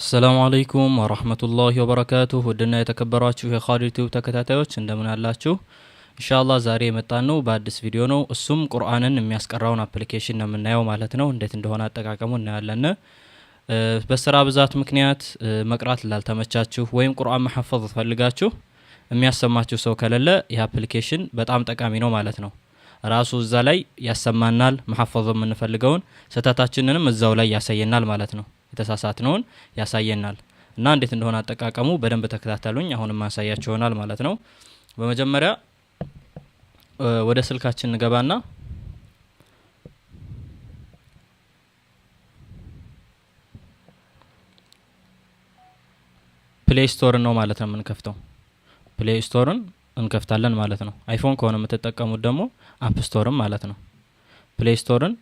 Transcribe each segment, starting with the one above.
አሰላሙ አለይኩም ወረህመቱላሂ ወበረካቱሁ ውድና የተከበሯችሁ የኻዲ ተከታታዮች እንደምን አላችሁ? ኢንሻአላህ ዛሬ የመጣን ነው በአዲስ ቪዲዮ ነው። እሱም ቁርአንን የሚያስቀራውን አፕሊኬሽን ነው የምናየው ማለት ነው። እንዴት እንደሆነ አጠቃቀሙ እናያለን። በስራ ብዛት ምክንያት መቅራት ላልተመቻችሁ ወይም ቁርአን መሐፈዝ ፈልጋችሁ የሚያሰማችሁ ሰው ከሌለ ይህ አፕሊኬሽን በጣም ጠቃሚ ነው ማለት ነው። ራሱ እዛ ላይ ያሰማናል፣ መሐፈዝ የምንፈልገውን ስህተታችንንም እዛው ላይ ያሳየናል ማለት ነው። ነውን ያሳየናል እና እንዴት እንደሆነ አጠቃቀሙ በደንብ ተከታተሉኝ። አሁንም ማሳያቸው ይሆናል ማለት ነው። በመጀመሪያ ወደ ስልካችን እንገባና ፕሌይ ስቶርን ነው ማለት ነው የምንከፍተው። ፕሌይ ስቶርን እንከፍታለን ማለት ነው። አይፎን ከሆነ የምትጠቀሙት ደግሞ አፕ ስቶርም ማለት ነው። ፕሌይ ስቶርን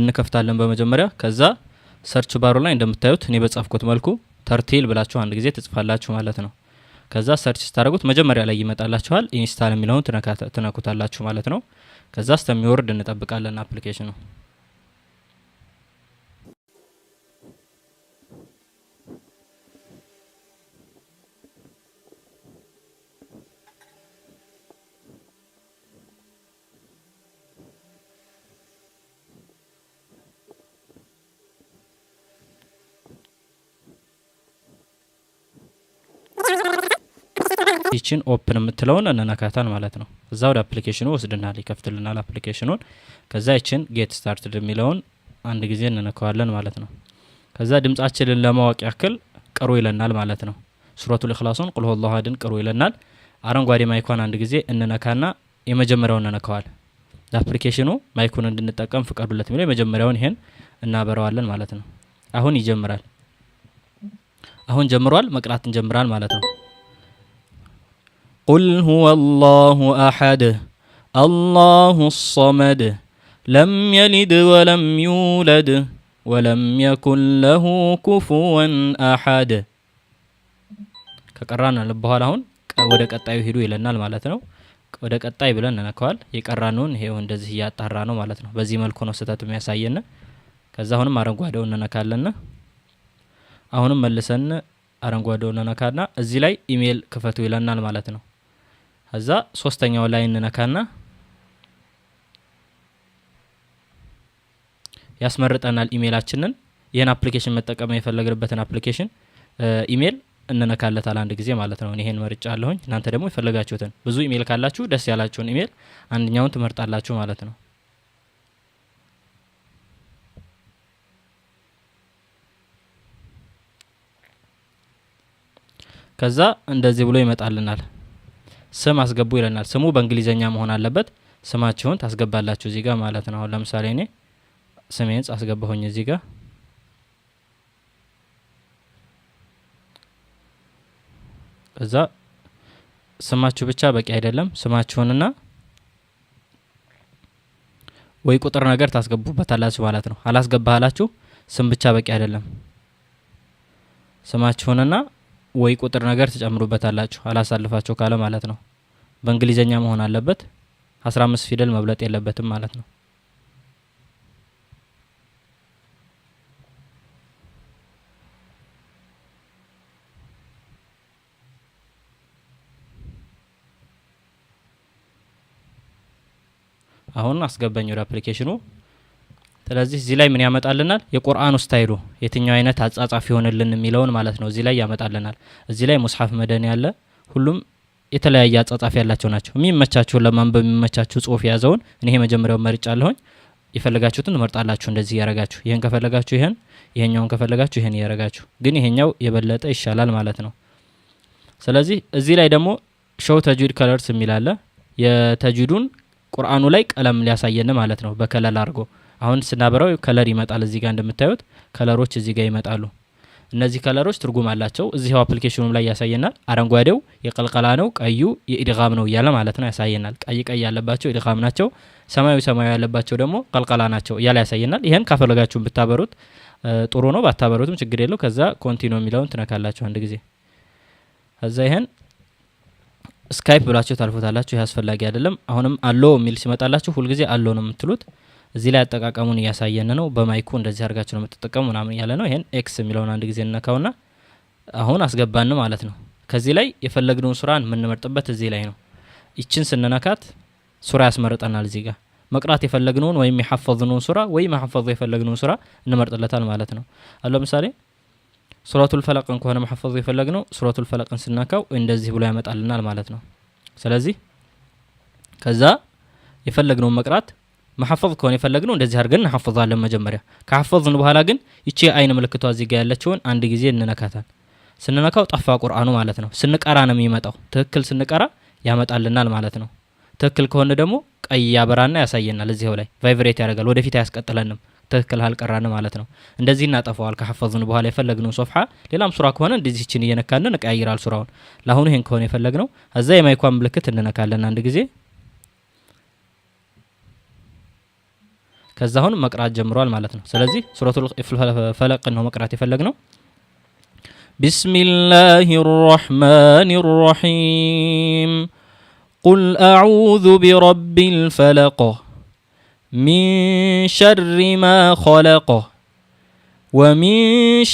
እንከፍታለን በመጀመሪያ ከዛ ሰርች ባሩ ላይ እንደምታዩት እኔ በጻፍኩት መልኩ ተርቴል ብላችሁ አንድ ጊዜ ትጽፋላችሁ ማለት ነው። ከዛ ሰርች ስታደረጉት መጀመሪያ ላይ ይመጣላችኋል። ኢንስታል የሚለውን ትነኩታላችሁ ማለት ነው። ከዛ ስተሚወርድ እንጠብቃለን ነው። ይችን ኦፕን የምትለውን እንነካታን ማለት ነው። እዛ ወደ አፕሊኬሽኑ ወስድናል፣ ይከፍትልናል አፕሊኬሽኑን። ከዛ ይችን ጌት ስታርትድ የሚለውን አንድ ጊዜ እንነካዋለን ማለት ነው። ከዛ ድምጻችንን ለማወቅ ያክል ቅሩ ይለናል ማለት ነው። ሱረቱ ኢኽላሱን ቁል ሁወ አላሁ አሐድን ቅሩ ይለናል። አረንጓዴ ማይኳን አንድ ጊዜ እንነካና የመጀመሪያውን እንነካዋል። ለአፕሊኬሽኑ ማይኩን እንድንጠቀም ፍቀዱለት የሚለው የመጀመሪያውን ይሄን እናበረዋለን ማለት ነው። አሁን ይጀምራል። አሁን ጀምሯል። መቅራት እንጀምራል ማለት ነው። قل هو الله أحد الله الصمد لم يلد ولم يولد ولم يكن ለሁ كفوا أحد ከቀራን በኋላ አሁን ወደ ቀጣዩ ሂዱ ይለናል ማለት ነው። ወደ ቀጣይ ብለን ነነከዋል። የቀራነውን ይሄው እንደዚህ እያጣራ ነው ማለት ነው። በዚህ መልኩ ነው ስህተቱ የሚያሳየን። ከዛ አሁንም አረንጓዴውን እንነካለን። አሁንም መልሰን አረንጓዴው እንነካና እዚህ ላይ ኢሜል ክፈቱ ይለናል ማለት ነው። ከዛ ሶስተኛው ላይ እንነካና ያስመርጠናል ኢሜይላችንን። ይህን አፕሊኬሽን መጠቀም የፈለግንበትን አፕሊኬሽን ኢሜይል እንነካለታል አንድ ጊዜ ማለት ነው። ይሄን መርጫ አለሁኝ። እናንተ ደግሞ የፈለጋችሁትን ብዙ ኢሜይል ካላችሁ ደስ ያላችሁን ኢሜይል አንደኛውን ትመርጣላችሁ ማለት ነው። ከዛ እንደዚህ ብሎ ይመጣልናል። ስም አስገቡ ይለናል። ስሙ በእንግሊዘኛ መሆን አለበት። ስማችሁን ታስገባላችሁ እዚህ ጋር ማለት ነው። አሁን ለምሳሌ እኔ ስሜን አስገባሁኝ እዚህ ጋር እዛ ስማችሁ ብቻ በቂ አይደለም። ስማችሁንና ወይ ቁጥር ነገር ታስገቡበታላችሁ ማለት ነው። አላስገባህላችሁ ስም ብቻ በቂ አይደለም። ስማችሁንና ወይ ቁጥር ነገር ትጨምሩበታላችሁ አላሳልፋችሁ ካለ ማለት ነው። በእንግሊዘኛ መሆን አለበት። 15 ፊደል መብለጥ የለበትም ማለት ነው። አሁን አስገባኝ ወደ አፕሊኬሽኑ። ስለዚህ እዚህ ላይ ምን ያመጣልናል? የቁርአኑ ስታይሉ የትኛው አይነት አጻጻፍ ይሆንልን የሚለውን ማለት ነው እዚህ ላይ ያመጣልናል። እዚህ ላይ ሙስሐፍ መደን ያለ ሁሉም የተለያየ አጻጻፍ ያላቸው ናቸው። የሚመቻችሁን ለማንበብ የሚመቻችሁ ጽሁፍ የያዘውን እኔ መጀመሪያው መርጫ አለሁኝ። የፈለጋችሁትን ትመርጣላችሁ። እንደዚህ እያረጋችሁ ይህን ከፈለጋችሁ ይህን፣ ይሄኛውን ከፈለጋችሁ ይህን እያረጋችሁ፣ ግን ይሄኛው የበለጠ ይሻላል ማለት ነው። ስለዚህ እዚህ ላይ ደግሞ ሾው ተጅዊድ ከለርስ የሚላለ የተጅዊዱን ቁርአኑ ላይ ቀለም ሊያሳየን ማለት ነው በከለል አድርጎ አሁን ስናበራው ከለር ይመጣል እዚህ ጋር እንደምታዩት ከለሮች እዚህ ጋር ይመጣሉ። እነዚህ ከለሮች ትርጉም አላቸው። እዚህው አፕሊኬሽኑም ላይ ያሳየናል። አረንጓዴው የቀልቀላ ነው፣ ቀዩ የኢድጋም ነው እያለ ማለት ነው ያሳየናል። ቀይ ቀይ ያለባቸው ኢድጋም ናቸው፣ ሰማያዊ ሰማያዊ ያለባቸው ደግሞ ቀልቀላ ናቸው እያለ ያሳየናል። ይህን ካፈለጋችሁን ብታበሩት ጥሩ ነው፣ ባታበሩትም ችግር የለው። ከዛ ኮንቲኖ የሚለውን ትነካላችሁ አንድ ጊዜ። ከዛ ይህን ስካይፕ ብላችሁ ታልፎታላችሁ። ይህ አስፈላጊ አይደለም። አሁንም አሎ የሚል ሲመጣላችሁ ሁልጊዜ አሎ ነው የምትሉት። እዚህ ላይ አጠቃቀሙን እያሳየን ነው። በማይኩ እንደዚህ አድርጋችሁ ነው የምትጠቀሙ ምናምን እያለ ነው። ይሄን ኤክስ የሚለውን አንድ ጊዜ እንነካውና አሁን አስገባን ማለት ነው። ከዚህ ላይ የፈለግነውን ሱራን የምንመርጥበት እዚህ ላይ ነው። ይችን ስንነካት ሱራ ያስመርጠናል። እዚህ ጋር መቅራት የፈለግነውን ወይም የሐፈዝነውን ሱራ ወይም መሐፈዝ የፈለግነውን ሱራ እንመርጥለታል ማለት ነው። አሁ ለምሳሌ ሱረቱል ፈለቅን ከሆነ መሐፈዝ የፈለግነው ሱረቱል ፈለቅን ስነካው እንደዚህ ብሎ ያመጣልናል ማለት ነው። ስለዚህ ከዛ የፈለግነውን መቅራት መሐፈዝ ከሆነ የፈለግነው እንደዚህ አድርገን እናሐፍዛለን። መጀመሪያ ከሐፈዝን በኋላ ግን ይቺ የአይን ምልክቷ እዚህ ጋ ያለችውን አንድ ጊዜ እንነካታል። ስንነካው ጠፋ ቁርአኑ ማለት ነው። ስንቀራ ነው የሚመጣው። ትክክል ስንቀራ ያመጣልናል ማለት ነው። ትክክል ከሆነ ደግሞ ቀይ ያበራና ያሳየናል። እዚው ላይ ቫይብሬት ያደርጋል። ወደፊት አያስቀጥለንም። ትክክል አልቀራን ማለት ነው። እንደዚህ እናጠፋዋል። ከሐፈዝን በኋላ የፈለግነው ሶፍሓ ሌላም ሱራ ከሆነ እንደዚህ እችን እየነካልን እንቀያይራል ሱራውን። ለአሁኑ ይሄን ከሆነ የፈለግነው እዛ የማይኳን ምልክት እንነካለን አንድ ጊዜ كذا هون መቅራት ጀምሯል ማለት ነው سورة الفلق ፈለቅን ነው መቅራት بسم الله الرحمن الرحيم قل أعوذ برب الفلق من شر ما خلق ومن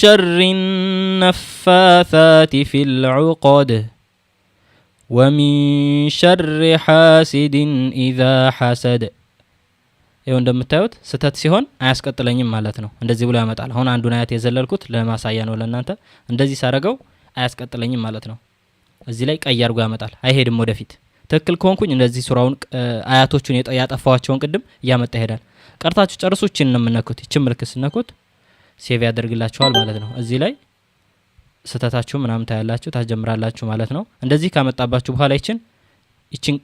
شر النفاثات في العقد ومن شر حاسد إذا حسد ይኸው እንደምታዩት ስህተት ሲሆን አያስቀጥለኝም ማለት ነው። እንደዚህ ብሎ ያመጣል። አሁን አንዱን አያት የዘለልኩት ለማሳያ ነው ለእናንተ። እንደዚህ ሳረገው አያስቀጥለኝም ማለት ነው። እዚህ ላይ ቀይ አድርጎ ያመጣል። አይሄድም ወደፊት። ትክክል ከሆንኩኝ እንደዚህ ሱራውን አያቶቹን ያጠፋዋቸውን ቅድም እያመጣ ይሄዳል። ቀርታችሁ ጨርሱ። እችን ነው የምነኩት። እችን ምልክት ስነኩት ሴቭ ያደርግላችኋል ማለት ነው። እዚህ ላይ ስህተታችሁ ምናምን ታያላችሁ፣ ታስጀምራላችሁ ማለት ነው። እንደዚህ ካመጣባችሁ በኋላ ይችን ይችን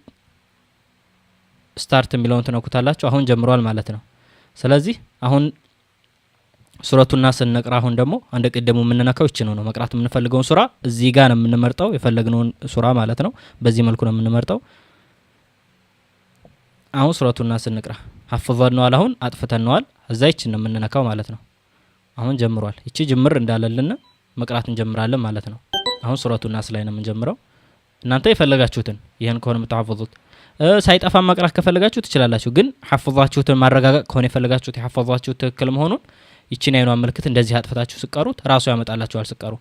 ስታርት የሚለውን ትነኩታላችሁ። አሁን ጀምሯል ማለት ነው። ስለዚህ አሁን ሱረቱና ስንቅራ አሁን ደግሞ አንድ ቅድሙ የምንነካው ይች ነው መቅራት የምንፈልገውን ሱራ እዚህ ጋር ነው የምንመርጠው፣ የፈለግነውን ሱራ ማለት ነው። በዚህ መልኩ ነው የምንመርጠው። አሁን ሱረቱና ስንቅራ ሀፍዘነዋል፣ አሁን አጥፍተነዋል። እዛ ይችን ነው የምንነካው ማለት ነው። አሁን ጀምሯል። ይቺ ጅምር እንዳለልን መቅራት እንጀምራለን ማለት ነው። አሁን ሱረቱና ስላይ ነው የምንጀምረው። እናንተ የፈለጋችሁትን ይህን ከሆነ የምትሐፍዙት ሳይጠፋ ማቅራት ከፈለጋችሁ ትችላላችሁ። ግን ሐፈዛችሁትን ማረጋገጥ ከሆነ የፈለጋችሁት የሐፈዛችሁት ትክክል መሆኑን ይችን አይኗ ምልክት እንደዚህ አጥፍታችሁ ስቀሩት ራሱ ያመጣላችኋል። ስቀሩ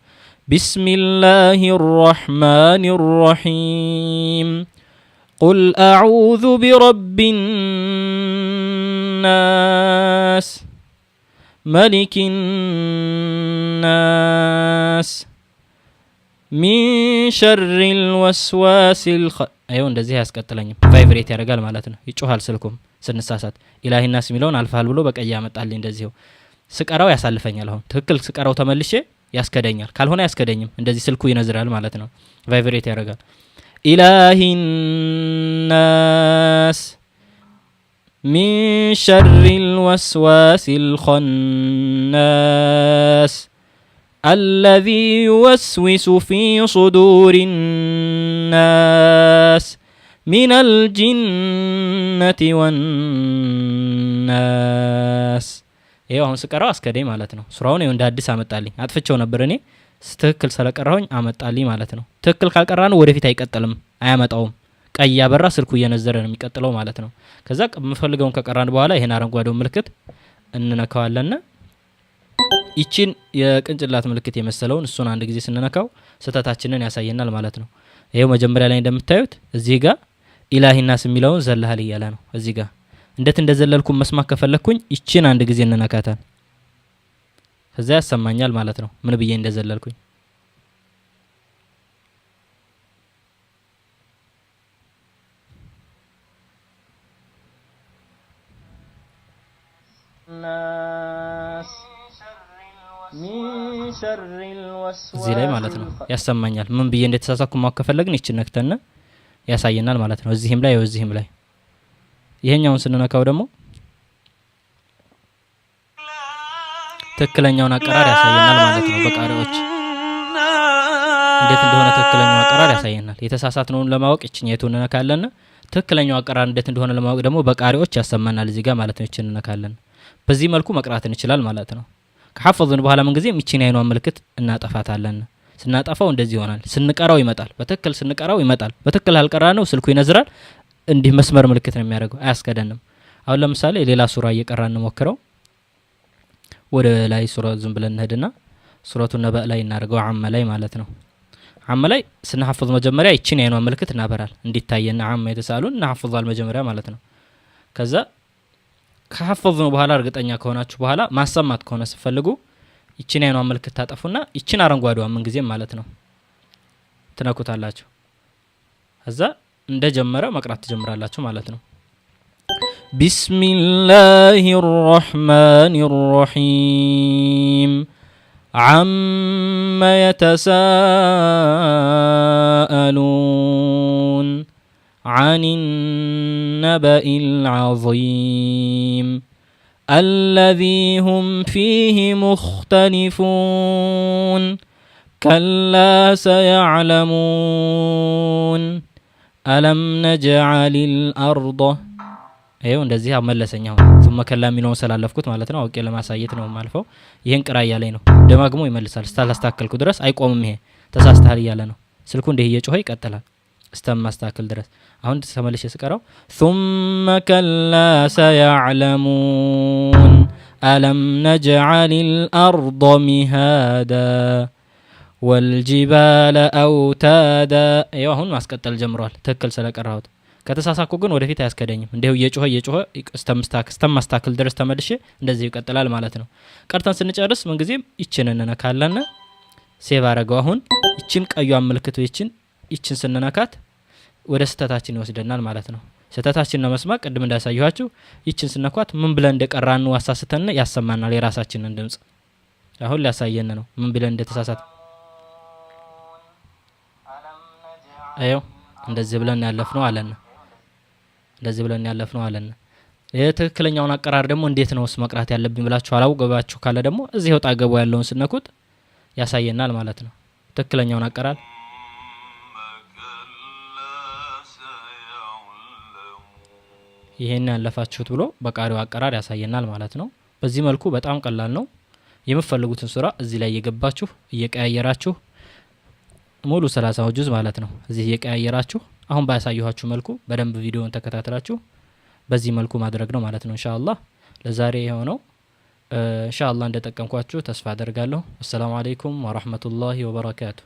ቢስሚላሂ ራሕማን ራሒም ቁል አዑዙ ቢረቢ ናስ መሊክ ናስ ሚን ሸሪ ልወስዋስ ይኸው እንደዚህ አያስቀጥለኝም፣ ቫይብሬት ያደርጋል ማለት ነው። ይጮሃል ስልኩም ስንሳሳት። ኢላሂናስ የሚለውን አልፋል ብሎ በቀይ ያመጣልኝ እንደዚሁ። ስቀራው ያሳልፈኛል። አሁን ትክክል ስቀራው ተመልሼ ያስከደኛል፣ ካልሆነ አያስከደኝም። እንደዚህ ስልኩ ይነዝራል ማለት ነው፣ ቫይብሬት ያደርጋል። ኢላሂናስ ሚን ሸሪል ወስዋሲል ኸናስ الذي يوسوس في صدور الناس من الجنة والناስ ይኸው አሁን ስቀራው አስከዴ ማለት ነው። ሱራውን እንደ አዲስ አመጣልኝ። አጥፍቸው ነበር እኔ ትክክል ስለቀራሁኝ አመጣልኝ ማለት ነው። ትክክል ካልቀራን ወደፊት አይቀጥልም፣ አያመጣውም። ቀይ ያበራ ስልኩ እየነዘረ ነው የሚቀጥለው ማለት ነው። ከዛ የምፈልገውን ከቀራን በኋላ ይሄን አረንጓዴውን ምልክት እንነካዋለንና ይቺን የቅንጭላት ምልክት የመሰለውን እሱን አንድ ጊዜ ስንነካው ስህተታችንን ያሳየናል ማለት ነው። ይኸው መጀመሪያ ላይ እንደምታዩት እዚህ ጋር ኢላሂናስ የሚለውን ዘለሃል እያለ ነው። እዚህ ጋር እንዴት እንደዘለልኩን መስማት ከፈለግኩኝ ይቺን አንድ ጊዜ እንነካታል። ከዛ ያሰማኛል ማለት ነው ምን ብዬ እንደዘለልኩኝ። እና እዚህ ላይ ማለት ነው ያሰማኛል። ምን ብዬ እንደተሳሳኩ ማወቅ ከፈለግን ይችን ነክተን ያሳየናል ማለት ነው። እዚህም ላይ እዚህም ላይ ይሄኛውን ስንነካው ደግሞ ትክክለኛውን አቀራር ያሳየናል ማለት ነው። በቃሪዎች እንዴት እንደሆነ ትክክለኛው አቀራር ያሳየናል። የተሳሳትነውን ለማወቅ ይችን የቱን እንነካለን። ትክክለኛው አቀራር እንዴት እንደሆነ ለማወቅ ደግሞ በቃሪዎች ያሰማናል እዚህ ጋር ማለት ነው። ይችን እንነካለን። በዚህ መልኩ መቅራት እንችላል ማለት ነው። ከሐፈዝን በኋላ ምን ጊዜ ይቺን አይኗን ምልክት እናጠፋታለን። ስናጠፋው እንደዚህ ይሆናል። ስንቀራው ይመጣል። በትክክል ስንቀራው ይመጣል። በትክክል አልቀራ ነው ስልኩ ይነዝራል። እንዲህ መስመር ምልክት ነው የሚያደርገው። አያስከደንም። አሁን ለምሳሌ ሌላ ሱራ እየቀራ እንሞክረው። ወደ ላይ ሱራ ዝም ብለን እንሄድና ሱረቱ ነበእ ላይ እናደርገው። አመ ላይ ማለት ነው። አመ ላይ ስናሐፍዝ መጀመሪያ ይችን የአይኗን ምልክት እናበራል እንዲታየና አመ የተሳሉ እናሐፍዛል መጀመሪያ ማለት ነው። ከዛ ከሀፈዝ ነው በኋላ እርግጠኛ ከሆናችሁ በኋላ ማሰማት ከሆነ ስትፈልጉ ይችን አይኗ ምልክት ታጠፉና ይችን አረንጓዴዋ ምን ጊዜም ማለት ነው ትነኩታላችሁ። እዛ እንደ ጀመረ መቅራት ትጀምራላችሁ ማለት ነው። ቢስሚላህ ራሕማን ራሒም አመ የተሳአሉን عن النبأ العظيم الذي هم فيه مختلفون كلا سيعلمون ألم نجعل الأرض ይኸው እንደዚህ አመለሰኝ። አሁን ثم كلا የሚለውን ስላለፍኩት ማለት ነው አውቄ ለማሳየት ነው የማልፈው። ይህን ቅራ እያለኝ ነው፣ ደጋግሞ ይመልሳል። ስታላስተካከልኩ ድረስ አይቆምም። ይሄ ተሳስተሃል እያለ ነው ስልኩ። እንዲህ እየጮኸ ይቀጥላል። እስተማስተካከል ድረስ አሁን ተመልሼ ስቀረው ثم كلا سيعلمون ألم نجعل الأرض مهادا والجبال أوتادا አሁን ማስቀጠል ጀምሯል ትክክል ስለቀራሁት ከተሳሳኩ ግን ወደፊት አያስከደኝም እንዲሁ እየጮኸ እየጮኸ እስተማስተካከል ድረስ ተመልሼ እንደዚህ ይቀጥላል ማለት ነው ቀርተን ስንጨርስ ምንጊዜም ይችን እንነካለን ሴቭ አረገው አሁን ይችን ቀዩ አመልክቶ ይችን ይችን ስንነካት ወደ ስህተታችን ይወስደናል ማለት ነው። ስህተታችን ነው መስማት ቅድም እንዳሳየኋችሁ ይችን ስነኳት ምን ብለን እንደቀራን አሳስተን ያሰማናል የራሳችንን ድምጽ አሁን ሊያሳየን ነው ምን ብለን እንደተሳሳት አየው እንደዚህ ብለን ያለፍ ነው አለን እንደዚህ ብለን ያለፍ ነው አለን የትክክለኛውን አቀራር ደግሞ እንዴት ነው ውስጥ መቅራት ያለብኝ ብላችሁ አላው ገባችሁ ካለ ደግሞ እዚህ ወጣ ገቡ ያለውን ስነኩት ያሳየናል ማለት ነው ትክክለኛውን አቀራር ይሄን ያለፋችሁት ብሎ በቃሪው አቀራር ያሳየናል ማለት ነው። በዚህ መልኩ በጣም ቀላል ነው። የምትፈልጉትን ሱራ እዚህ ላይ እየገባችሁ እየቀያየራችሁ ሙሉ ሰላሳው ጁዝ ማለት ነው። እዚህ እየቀያየራችሁ አሁን ባያሳየኋችሁ መልኩ በደንብ ቪዲዮውን ተከታትላችሁ በዚህ መልኩ ማድረግ ነው ማለት ነው። ኢንሻአላህ ለዛሬ የሆነው ኢንሻአላህ እንደጠቀምኳችሁ ተስፋ አደርጋለሁ። አሰላሙ አለይኩም ወራህመቱላሂ ወበረካቱ።